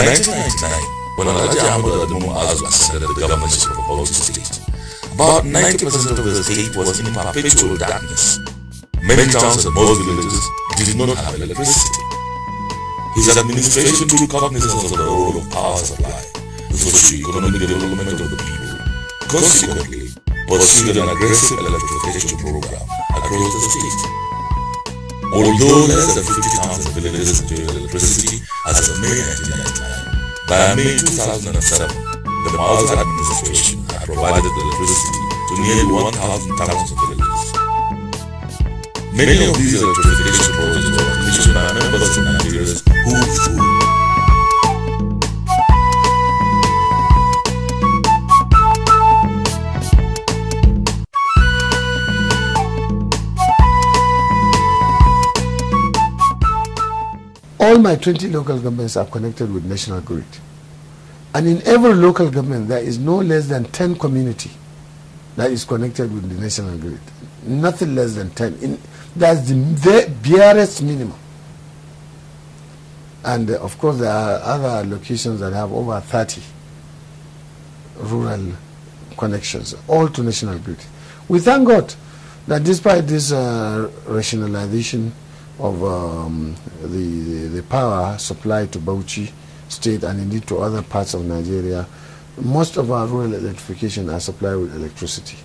1999, when Alhaji Ahmad Adamu Mu'azu the governance of Bauchi State, about 90% of the state was in perpetual darkness. Many towns and most villages did not have electricity. His administration took cognizance of the role of power supply, the socio-economic development of the people. Consequently, pursued an aggressive electrification program across the state. Although less than 50 towns and villages to electricity as of May 1999, by May 2007, the Maoist administration had provided electricity to nearly 1,000 towns and villages. Many of these electrification projects were all my 20 local governments are connected with national grid. And in every local government, there is no less than 10 community that is connected with the national grid. Nothing less than 10. In, that's the, the barest minimum. And uh, of course, there are other locations that have over 30 rural connections, all to national grid. We thank God that despite this uh, rationalization, of um, the, the power supplied to Bauchi state and indeed to other parts of Nigeria, most of our rural electrification are supplied with electricity.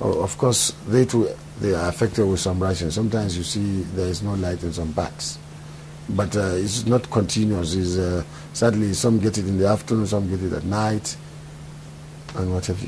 Of course, they too they are affected with some rations. Sometimes you see there is no light in some parts, but uh, it's not continuous. It's, uh, sadly, some get it in the afternoon, some get it at night, and what have you.